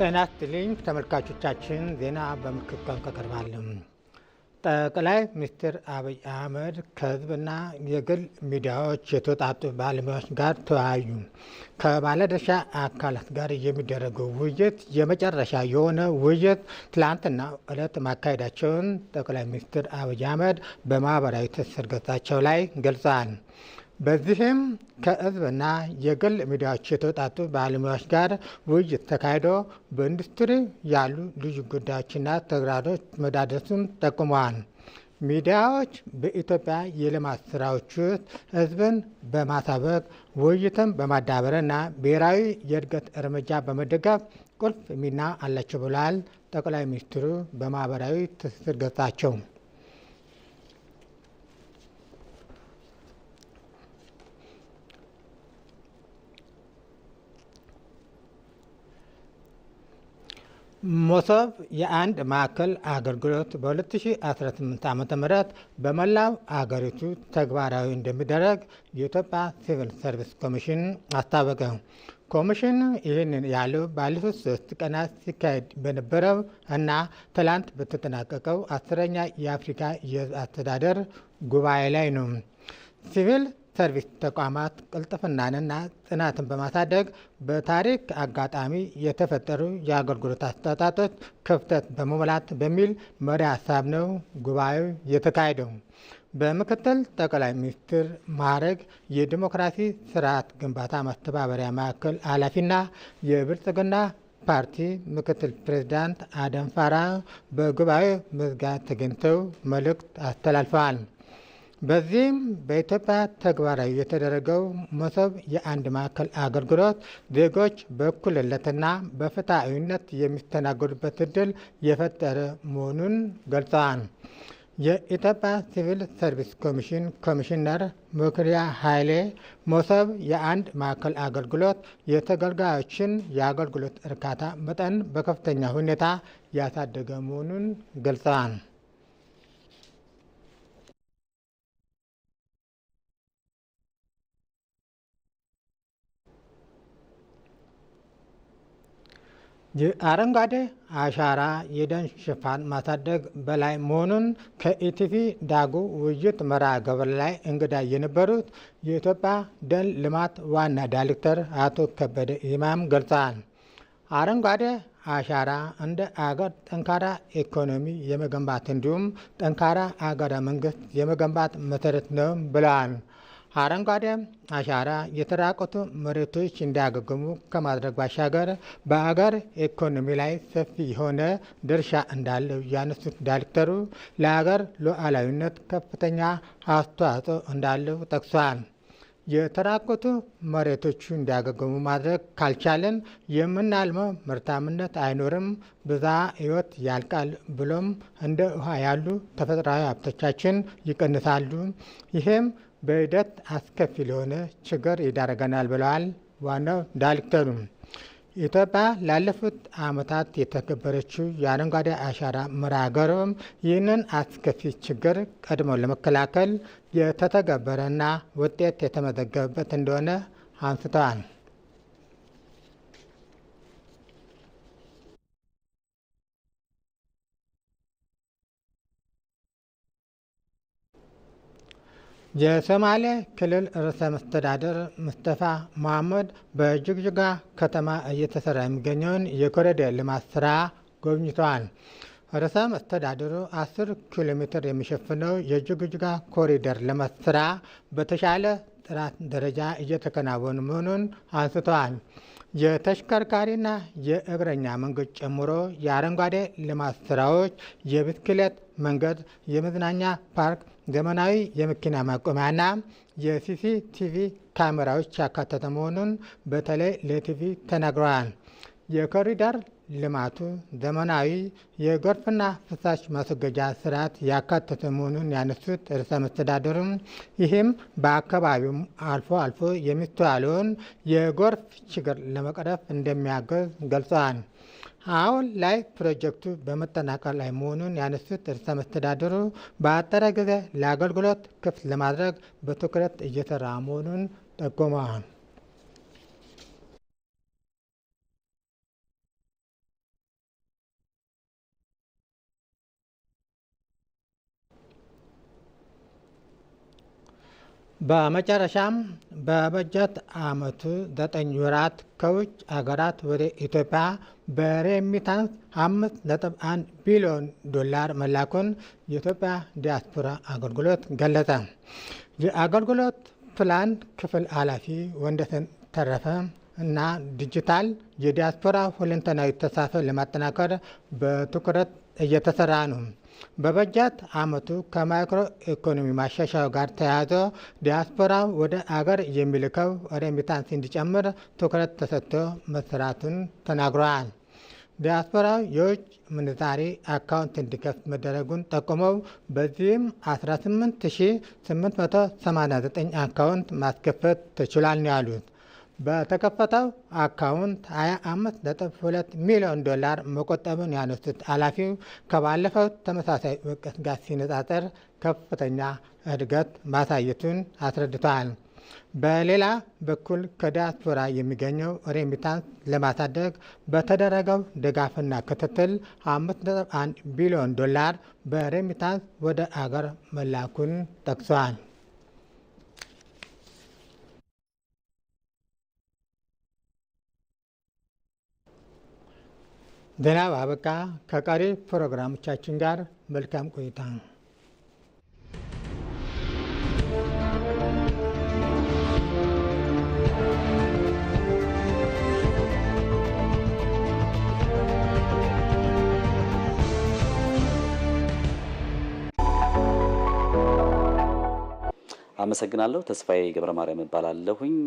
ጤና ይስጥልኝ ተመልካቾቻችን፣ ዜና በምልክት ቋንቋ ጠቅላይ ሚኒስትር አብይ አህመድ ከህዝብና የግል ሚዲያዎች የተወጣጡ ባለሙያዎች ጋር ተወያዩ። ከባለድርሻ አካላት ጋር የሚደረገው ውይይት የመጨረሻ የሆነ ውይይት ትላንትና ዕለት ማካሄዳቸውን ጠቅላይ ሚኒስትር አብይ አህመድ በማህበራዊ ትስስር ገጻቸው ላይ ገልጸዋል። በዚህም ከህዝብና የግል ሚዲያዎች የተውጣጡ ባለሙያዎች ጋር ውይይት ተካሂዶ በኢንዱስትሪ ያሉ ልዩ ጉዳዮችና ተግዳሮች መዳደሱን ጠቁመዋል። ሚዲያዎች በኢትዮጵያ የልማት ስራዎች ውስጥ ህዝብን በማሳበቅ ውይይትን በማዳበርና ብሔራዊ የእድገት እርምጃ በመደገፍ ቁልፍ ሚና አላቸው ብሏል ጠቅላይ ሚኒስትሩ በማህበራዊ ትስስር ገጻቸው። ሞሶብ የአንድ ማዕከል አገልግሎት በ2018 ዓ ም በመላው አገሪቱ ተግባራዊ እንደሚደረግ የኢትዮጵያ ሲቪል ሰርቪስ ኮሚሽን አስታወቀ። ኮሚሽን ይህንን ያለው ባለፉት ሶስት ቀናት ሲካሄድ በነበረው እና ትላንት በተጠናቀቀው አስረኛ የአፍሪካ የሕዝብ አስተዳደር ጉባኤ ላይ ነው። ሲቪል ሰርቪስ ተቋማት ቅልጥፍናንና ጽናትን በማሳደግ በታሪክ አጋጣሚ የተፈጠሩ የአገልግሎት አሰጣጦች ክፍተት በመሙላት በሚል መሪ ሀሳብ ነው ጉባኤው የተካሄደው። በምክትል ጠቅላይ ሚኒስትር ማዕረግ የዲሞክራሲ ስርዓት ግንባታ ማስተባበሪያ ማዕከል ኃላፊና የብልጽግና ፓርቲ ምክትል ፕሬዚዳንት አደም ፋራ በጉባኤው ምዝጋ ተገኝተው መልእክት አስተላልፈዋል። በዚህም በኢትዮጵያ ተግባራዊ የተደረገው መሶብ የአንድ ማዕከል አገልግሎት ዜጎች በእኩልነትና በፍትሐዊነት የሚስተናገዱበት እድል የፈጠረ መሆኑን ገልጸዋል። የኢትዮጵያ ሲቪል ሰርቪስ ኮሚሽን ኮሚሽነር ምክሪያ ኃይሌ መሶብ የአንድ ማዕከል አገልግሎት የተገልጋዮችን የአገልግሎት እርካታ መጠን በከፍተኛ ሁኔታ ያሳደገ መሆኑን ገልጸዋል። የአረንጓዴ አሻራ የደን ሽፋን ማሳደግ በላይ መሆኑን ከኢቲቪ ዳጉ ውይይት መርሃ ግብር ላይ እንግዳ የነበሩት የኢትዮጵያ ደን ልማት ዋና ዳይሬክተር አቶ ከበደ ኢማም ገልጸዋል። አረንጓዴ አሻራ እንደ አገር ጠንካራ ኢኮኖሚ የመገንባት እንዲሁም ጠንካራ አገረ መንግስት የመገንባት መሰረት ነው ብለዋል። አረንጓዴ አሻራ የተራቆቱ መሬቶች እንዲያገግሙ ከማድረግ ባሻገር በአገር ኢኮኖሚ ላይ ሰፊ የሆነ ድርሻ እንዳለው ያነሱት ዳይሬክተሩ ለአገር ሉዓላዊነት ከፍተኛ አስተዋጽኦ እንዳለው ጠቅሷል። የተራቆቱ መሬቶቹ እንዲያገግሙ ማድረግ ካልቻለን የምናልመው ምርታምነት አይኖርም፣ ብዝሃ ሕይወት ያልቃል፣ ብሎም እንደ ውሃ ያሉ ተፈጥሯዊ ሀብቶቻችን ይቀንሳሉ። ይሄም በሂደት አስከፊ ለሆነ ችግር ይዳረገናል ብለዋል ዋናው ዳይሬክተሩ። ኢትዮጵያ ላለፉት ዓመታት የተገበረችው የአረንጓዴ አሻራ መርሃ ግብርም ይህንን አስከፊ ችግር ቀድሞ ለመከላከል የተተገበረና ውጤት የተመዘገበበት እንደሆነ አንስተዋል። የሶማሌ ክልል ርዕሰ መስተዳደር ሙስተፋ መሐመድ በጅግጅጋ ከተማ እየተሰራ የሚገኘውን የኮሪደር ልማት ስራ ጎብኝተዋል። ርዕሰ መስተዳድሩ 10 ኪሎ ሜትር የሚሸፍነው የጅግጅጋ ኮሪደር ልማት ስራ በተሻለ ጥራት ደረጃ እየተከናወኑ መሆኑን አንስተዋል። የተሽከርካሪና የእግረኛ መንገድ ጨምሮ የአረንጓዴ ልማት ስራዎች፣ የብስክሌት መንገድ፣ የመዝናኛ ፓርክ፣ ዘመናዊ የመኪና ማቆሚያና የሲሲቲቪ ካሜራዎች ያካተተ መሆኑን በተለይ ለቲቪ ተናግረዋል። የኮሪደር ልማቱ ዘመናዊ የጎርፍና ፍሳሽ ማስወገጃ ስርዓት ያካተተ መሆኑን ያነሱት ርዕሰ መስተዳደሩም ይህም በአካባቢውም አልፎ አልፎ የሚስተዋለውን የጎርፍ ችግር ለመቅረፍ እንደሚያገዝ ገልጸዋል። አሁን ላይ ፕሮጀክቱ በመጠናቀቅ ላይ መሆኑን ያነሱት ርዕሰ መስተዳደሩ በአጠረ ጊዜ ለአገልግሎት ክፍት ለማድረግ በትኩረት እየሰራ መሆኑን ጠቁመዋል። በመጨረሻም በበጀት ዓመቱ ዘጠኝ ወራት ከውጭ አገራት ወደ ኢትዮጵያ በሬሚታንስ አምስት ነጥብ አንድ ቢሊዮን ዶላር መላኩን የኢትዮጵያ ዲያስፖራ አገልግሎት ገለጸ። የአገልግሎት ፕላን ክፍል ኃላፊ ወንደሰን ተረፈ እና ዲጂታል የዲያስፖራ ሁለንተናዊ ተሳትፎ ለማጠናከር በትኩረት እየተሰራ ነው። በበጀት ዓመቱ ከማይክሮ ኢኮኖሚ ማሻሻያው ጋር ተያይዞ ዲያስፖራ ወደ አገር የሚልከው ሬሚታንስ እንዲጨምር ትኩረት ተሰጥቶ መስራቱን ተናግረዋል። ዲያስፖራ የውጭ ምንዛሪ አካውንት እንዲከፍት መደረጉን ጠቁመው በዚህም 18889 አካውንት ማስከፈት ተችሏል ነው ያሉት። በተከፈተው አካውንት 25.2 ሚሊዮን ዶላር መቆጠብን ያነሱት ኃላፊው ከባለፈው ተመሳሳይ ወቅት ጋር ሲነጻጸር ከፍተኛ እድገት ማሳየቱን አስረድተዋል። በሌላ በኩል ከዲያስፖራ የሚገኘው ሬሚታንስ ለማሳደግ በተደረገው ድጋፍና ክትትል 5.1 ቢሊዮን ዶላር በሬሚታንስ ወደ አገር መላኩን ጠቅሷል። ዜና አበቃ። ከቀሪ ፕሮግራሞቻችን ጋር መልካም ቆይታ ነው። አመሰግናለሁ። ተስፋዬ ገብረ ማርያም እባላለሁኝ።